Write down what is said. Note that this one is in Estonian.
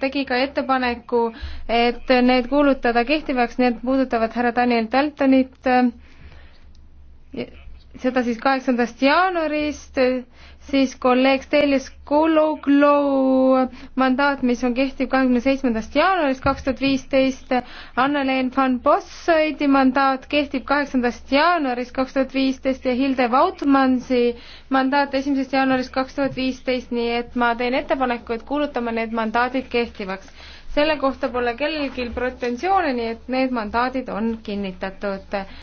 tegi ka ettepaneku, et need kuulutada kehtivaks, need puudutavad härra Daniel Daltonit, seda siis kaheksandast jaanuarist siis kolleeg Stelis Kologlu mandaat, mis on kehtiv kahekümne seitsmendast jaanuarist kaks tuhat viisteist. Anneleen van Bossoidi mandaat kehtib kaheksandast jaanuarist kaks tuhat viisteist ja Hilde Vautmansi mandaat esimesest jaanuarist kaks tuhat viisteist, nii et ma teen ettepaneku, et kuulutame need mandaadid kehtivaks. selle kohta pole kellelgi pretensioone, nii et need mandaadid on kinnitatud.